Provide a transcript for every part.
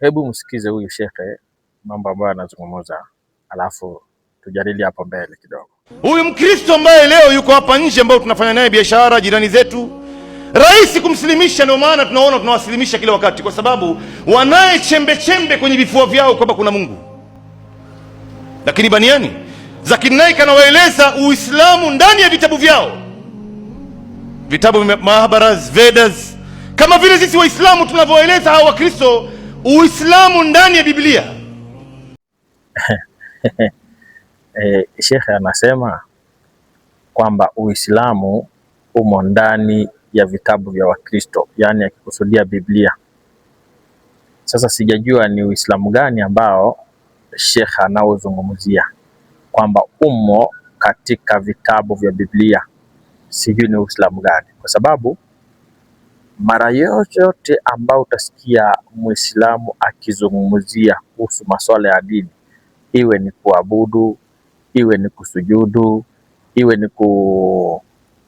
Hebu msikize huyu shekhe mambo ambayo anazungumza, alafu tujadili hapo mbele kidogo. Huyu Mkristo ambaye leo yuko hapa nje, ambao tunafanya naye biashara, jirani zetu, rahisi kumsilimisha. Ndio maana tunaona tunawasilimisha kila wakati, kwa sababu wanaye chembe chembe kwenye vifua vyao kwamba kuna Mungu. Lakini baniani Zakinaik anawaeleza Uislamu ndani ya vitabu vyao, vitabu Mahabharat, Vedas, kama vile sisi Waislamu tunavyoeleza hawa Wakristo Uislamu ndani ya Biblia. E, eh, shekhe anasema kwamba Uislamu umo ndani ya vitabu vya Wakristo, yaani akikusudia Biblia. Sasa sijajua ni Uislamu gani ambao shekhe anaozungumzia kwamba umo katika vitabu vya Biblia, sijui ni Uislamu gani kwa sababu mara yoyote ambayo utasikia muislamu akizungumzia kuhusu maswala ya dini, iwe ni kuabudu, iwe ni kusujudu, iwe ni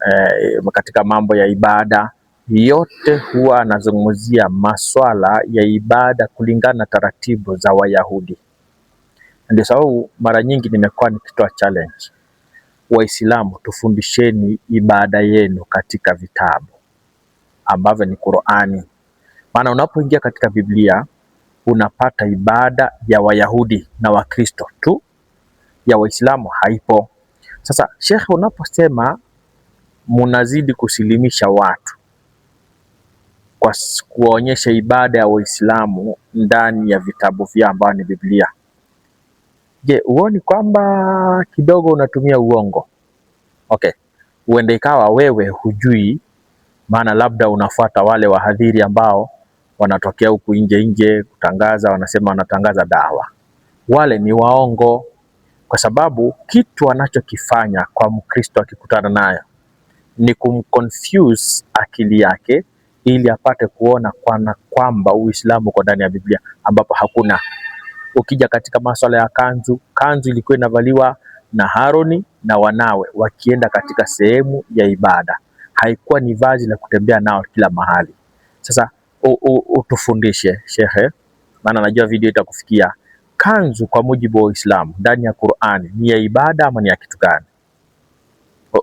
eh, katika mambo ya ibada, yote huwa anazungumzia maswala ya ibada kulingana na taratibu za Wayahudi. Ndio sababu mara nyingi nimekuwa nikitoa challenge, Waislamu tufundisheni ibada yenu katika vitabu ambavyo ni Qur'ani. Maana unapoingia katika Biblia unapata ibada ya Wayahudi na Wakristo tu, ya Waislamu haipo. Sasa Sheikh, unaposema munazidi kusilimisha watu kwa kuonyesha ibada ya Waislamu ndani ya vitabu vyao ambayo ni Biblia, je, huoni kwamba kidogo unatumia uongo? Okay, huenda ikawa wewe hujui maana labda unafuata wale wahadhiri ambao wanatokea huku nje nje kutangaza, wanasema wanatangaza dawa. Wale ni waongo, kwa sababu kitu anachokifanya kwa Mkristo akikutana nayo ni kumconfuse akili yake ili apate kuona kwana kwamba Uislamu uko ndani ya Biblia ambapo hakuna. Ukija katika masuala ya kanzu, kanzu ilikuwa inavaliwa na haroni na wanawe wakienda katika sehemu ya ibada haikuwa ni vazi la kutembea nao kila mahali. Sasa utufundishe shehe, maana najua video itakufikia. Kanzu kwa mujibu wa Uislamu ndani ya Qur'ani ni ya ibada ama ni ya kitu gani?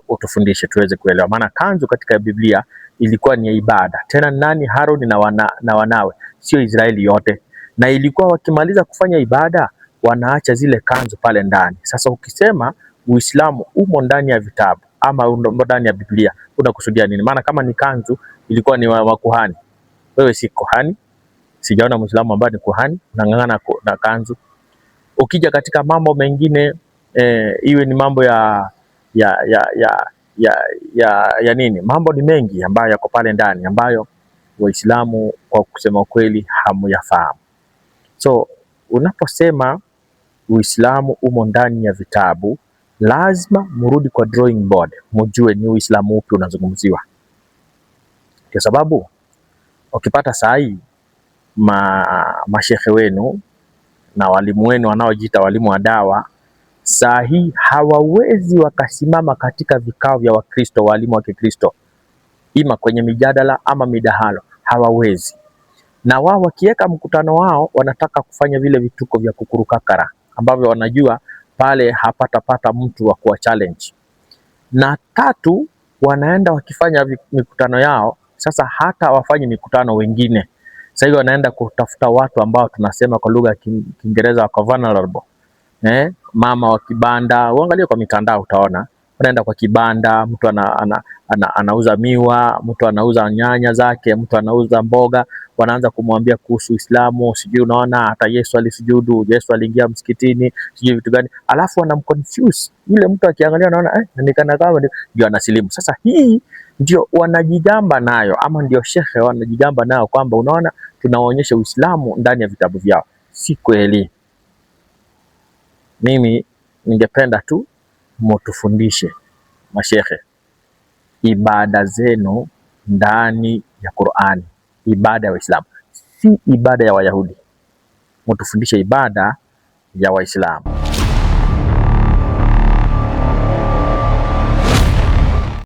Utufundishe tuweze kuelewa, maana kanzu katika Biblia ilikuwa ni ya ibada, tena nani? Haruni na, wana, na wanawe, sio Israeli yote, na ilikuwa wakimaliza kufanya ibada wanaacha zile kanzu pale ndani. Sasa ukisema Uislamu umo ndani ya vitabu ama ndani ya Biblia unakusudia nini? Maana kama ni kanzu ilikuwa ni wa kuhani, wewe si kuhani. Sijaona Muislamu ambaye ni kuhani unang'ang'ana na kanzu. Ukija katika mambo mengine eh, iwe ni mambo ya ya ya ya ya, ya, ya nini, mambo ni mengi ambayo yako pale ndani ambayo Waislamu kwa kusema kweli hamuyafahamu. So unaposema Uislamu umo ndani ya vitabu lazima mrudi kwa drawing board, mujue ni Uislamu upi unazungumziwa, kwa sababu ukipata saa hii ma, mashehe wenu na walimu wenu wanaojiita walimu wa dawa saa hii hawawezi wakasimama katika vikao vya Wakristo, walimu wa Kikristo, ima kwenye mijadala ama midahalo, hawawezi. Na wao wakiweka mkutano wao wanataka kufanya vile vituko vya kukurukakara ambavyo wanajua pale hapatapata mtu wa kuwa challenge. Na tatu, wanaenda wakifanya mikutano yao sasa, hata wafanye mikutano wengine. Sasa hivi wanaenda kutafuta watu ambao tunasema kwa lugha ya Kiingereza wako vulnerable. Eh, mama wa kibanda, uangalie kwa mitandao utaona wanaenda kwa kibanda, mtu ana, ana, ana, anauza miwa, mtu anauza nyanya zake, mtu anauza mboga, wanaanza kumwambia kuhusu Uislamu, sijui unaona, hata Yesu alisujudu, Yesu aliingia msikitini, sijui vitu gani, alafu wanamconfuse yule mtu, akiangalia anaona eh, ni kana kama ndio anasilimu. Sasa hii ndio wanajigamba nayo, ama ndio shekhe wanajigamba nayo kwamba unaona, tunawaonyesha Uislamu ndani ya vitabu vyao. Si kweli. Mimi ningependa tu mutufundishe mashekhe, ibada zenu ndani ya Qur'ani, ibada ya Waislamu, si ibada ya Wayahudi. Mutufundishe ibada ya Waislamu.